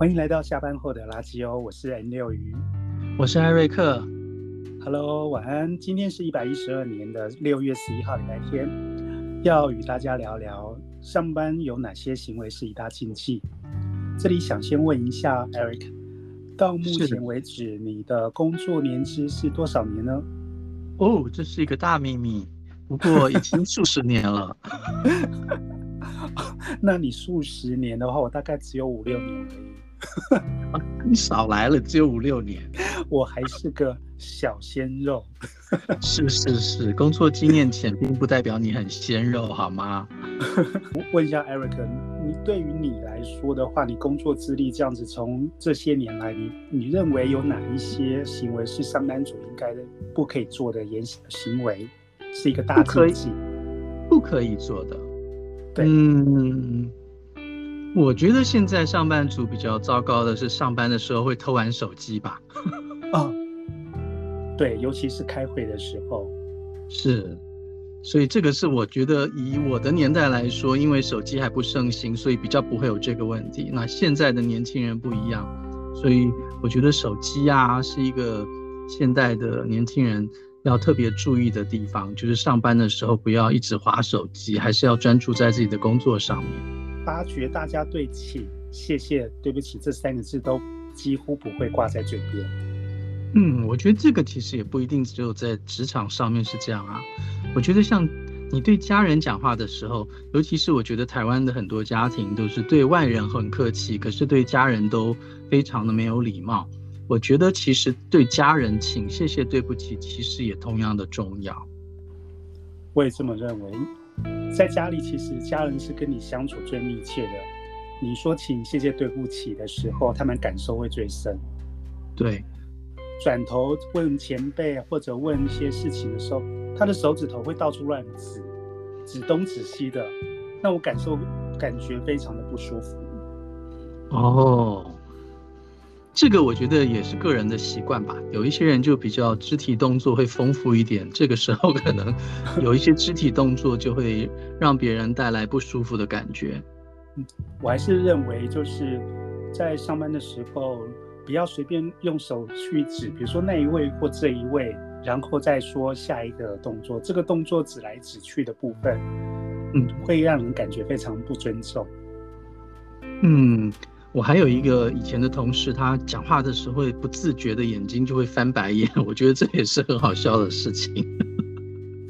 歡迎來到下班後的拉基歐，我是 N 六魚，我是艾瑞克。Hello，晚安。今天是一百一十二年的六月十一號，禮拜天，要與大家聊聊上班有哪些行為是一大禁忌。這裡想先問一下艾瑞克，到目前為止你的工作年資，是多少年呢？哦，這是一個大秘密，不過已經數十年了。 那你數十年的話，我大概只有五六年而已。 你少來了，只有五六年， 我還是個小鮮肉。 是是是，工作經驗淺並不代表你很鮮肉，好嗎？ 問一下 Eric，你對於你來說的話，你工作資歷這樣子，從這些年來，你你認為有哪一些行為是上班族應該的、不可以做的言行行為，是一個大禁忌不，不可以做的。對。嗯我覺得現在上班族比較糟糕的是，上班的時候會偷玩手機吧？啊，對，尤其是開會的時候。是，所以這個是我覺得以我的年代來說，因為手機還不盛行，所以比較不會有這個問題。那現在的年輕人不一樣，所以我覺得手機啊是一個現代的年輕人要特別注意的地方，就是上班的時候不要一直滑手機，還是要專注在自己的工作上面。發覺大家對請、謝謝、對不起這三個字都幾乎不會掛在嘴邊。嗯，我覺得這個其實也不一定只有在職場上面是這樣啊。我覺得像你對家人講話的時候，尤其是我覺得台灣的很多家庭都是對外人很客氣，可是對家人都非常的沒有禮貌。我覺得其實對家人請、謝謝、對不起，其實也同樣的重要。我也這麼認為。在家裡，其實家人是跟你相處最密切的。你說“請”、“謝謝”、“對不起”的時候，他們感受會最深。對，轉頭問前輩或者問一些事情的時候，他的手指頭會到處亂指，指東指西的，讓我感受感覺非常的不舒服。哦。Oh. 這個我覺得也是個人的習慣吧。有一些人就比較肢體動作會豐富一點，這個時候可能有一些肢體動作就會讓別人帶來不舒服的感覺。嗯，我還是認為就是在上班的時候，不要隨便用手去指，比如說那一位或這一位，然後再說下一個動作。這個動作指來指去的部分，嗯，會讓人感覺非常不尊重。嗯。嗯我還有一個以前的同事，他講話的時候會不自覺的眼睛就會翻白眼，我覺得這也是很好笑的事情。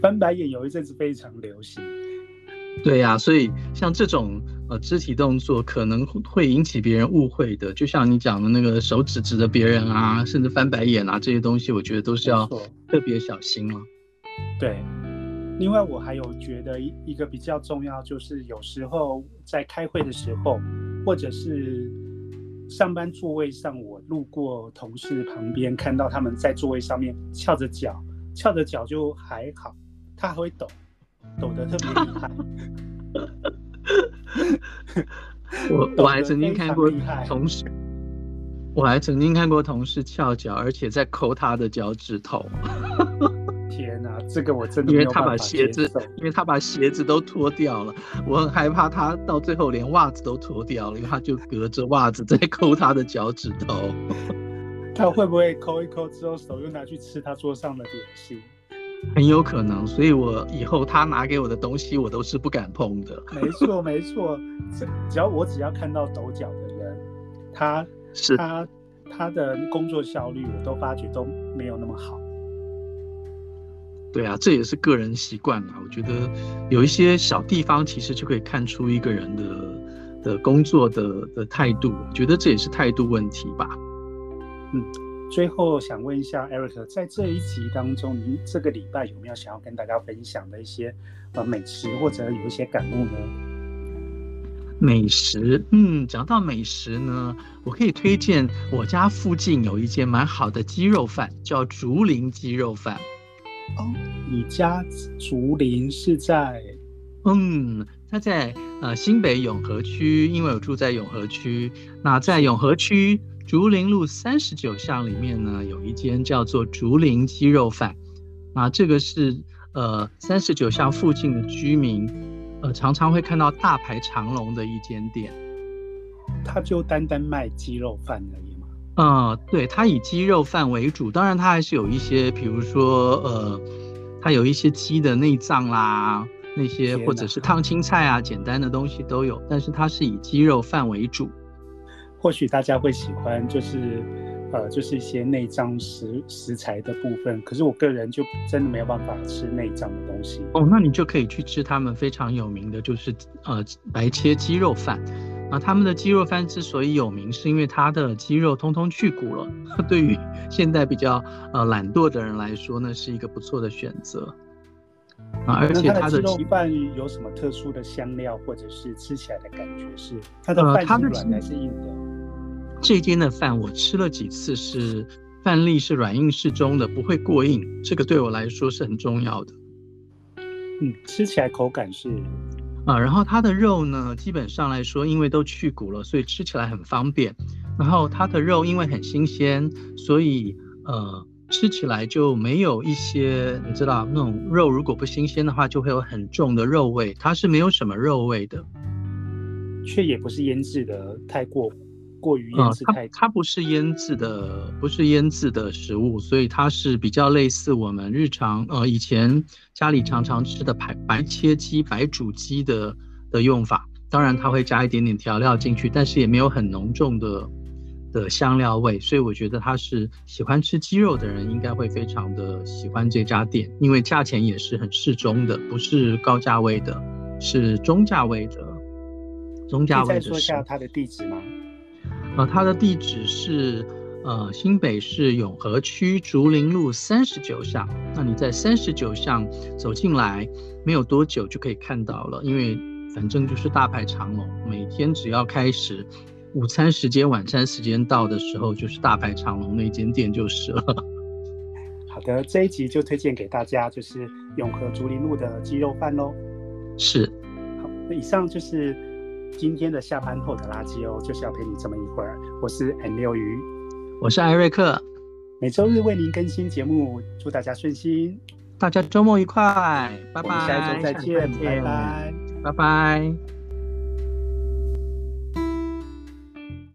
翻白眼有一陣子非常流行。對呀、啊，所以像這種呃肢體動作可能會引起別人誤會的，就像你講的那個手指指着別人啊、嗯，甚至翻白眼啊這些東西，我覺得都是要特別小心了、啊。對，另外我還有覺得一一個比較重要，就是有時候在開會的時候。或者是上班座位上，我路過同事旁邊，看到他們在座位上面翹着腳，翹着腳就還好，他還會抖，抖得特別厲害， 抖得非常厲害。我我還曾經看過同事，我還曾經看過同事翹腳，而且在摳他的腳趾頭。 天吶、啊，這個我真的因為他把鞋子，因為他把鞋子都脫掉了，我很害怕他到最後連襪子都脫掉了，因為他就隔着襪子在摳他的腳趾頭。他會不會摳一摳之後手又拿去吃他桌上的點心？很有可能，所以我以後他拿給我的東西我都是不敢碰的。嗯、沒錯沒錯，只，只要我只要看到抖腳的人，他是，他他的工作效率我都發覺都沒有那麼好。對啊，這也是個人習慣了啊。我覺得有一些小地方，其實就可以看出一個人的的工作的的態度。我覺得這也是態度問題吧。嗯，最後想問一下 Eric，在這一集當中，你這個禮拜有沒有想要跟大家分享的一些呃美食，或者有一些感悟呢？美食，嗯，講到美食呢，我可以推薦我家附近有一間蠻好的雞肉飯，叫竹林雞肉飯。哦、嗯，你家竹林是在？嗯，他在呃新北永和區，因為我住在永和區。那在永和區竹林路三十九巷裡面呢，有一間叫做竹林雞肉飯。那這個是呃三十九巷附近的居民，呃常常會看到大排長龍的一間店。他就單單賣雞肉飯而已。嗯，對，它以雞肉飯為主，當然它還是有一些，比如說，呃，它有一些雞的內臟啦，那些或者是燙青菜啊，簡單的東西都有，但是它是以雞肉飯為主。或許大家會喜歡，就是，呃，就是一些內臟食食材的部分，可是我個人就真的沒有辦法吃內臟的東西。哦，那你就可以去吃他們非常有名的，就是呃，白切雞肉飯。啊，他們的雞肉飯之所以有名，是因為它的雞肉通通去骨了。對於現在比較呃懶惰的人來說呢，那是一個不錯的選擇。啊，嗯、而且它的雞肉飯有什麼特殊的香料，或者是吃起來的感覺是？它的飯是軟的還是硬的？這間的飯我吃了幾次，是飯粒是軟硬適中的，不會過硬。這個對我來說是很重要的。嗯，吃起來口感是。啊，然後它的肉呢，基本上來說，因為都去骨了，所以吃起來很方便。然後它的肉因為很新鮮，所以呃，吃起來就沒有一些你知道那種肉如果不新鮮的話，就會有很重的肉味。它是沒有什麼肉味的，卻也不是醃製的太過。過於醃制、嗯、它，它不是醃制的，不是醃制的食物，所以它是比較類似我們日常呃以前家裡常常吃的白白切雞、白煮雞的的用法。當然，它會加一點點調料進去，但是也沒有很濃重的的香料味。所以我覺得它是喜歡吃雞肉的人應該會非常的喜歡這家店，因為價錢也是很適中的，不是高價位的，是中價位的。中價位的。你再說下它的地址嗎？它的地址是，呃，新北市永和區竹林路三十九巷。那你在三十九巷走進來，沒有多久就可以看到了，因為反正就是大排長龍，每天只要開始午餐時間、晚餐時間到的時候，就是大排長龍那間店就是了。好的，這一集就推薦給大家，就是永和竹林路的雞肉飯嘍。是。好，那以上就是。今天的下班後的拉基歐，就是要陪你這麼一會兒。我是 n 六魚，我是艾瑞克，每周日為您更新節目，祝大家順心，大家周末愉快，拜拜，我們下一周再見一一塊一塊、欸，拜拜，拜拜。